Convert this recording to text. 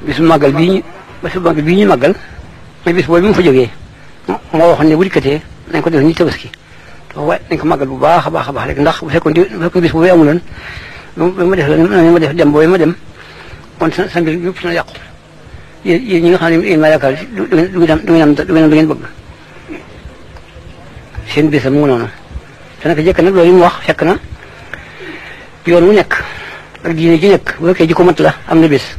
bisu màggal bii ñu bisu màggal bii ñu màggal mais bis boobu bi mu fa jógee moo waxoon ne bu dikkatee nañ ko def ni tabaski to waaye nañ ko màggal bu baax a baax a baax rek ndax bu fekkoon bu fekkoon bis mu amuloon ba ma def ma def dem boobu ma dem kon sa sa mbir yëpp suna yàqu yéen ñi nga xam ne yéen maa yaakaar du ngeen am du ngeen am du ngeen bëgg seen bisam mu noonu nag jëkk nag loolu mu wax fekk na yoon wu nekk ak diine ji nekk bu fekkee ji ko mat la am na bis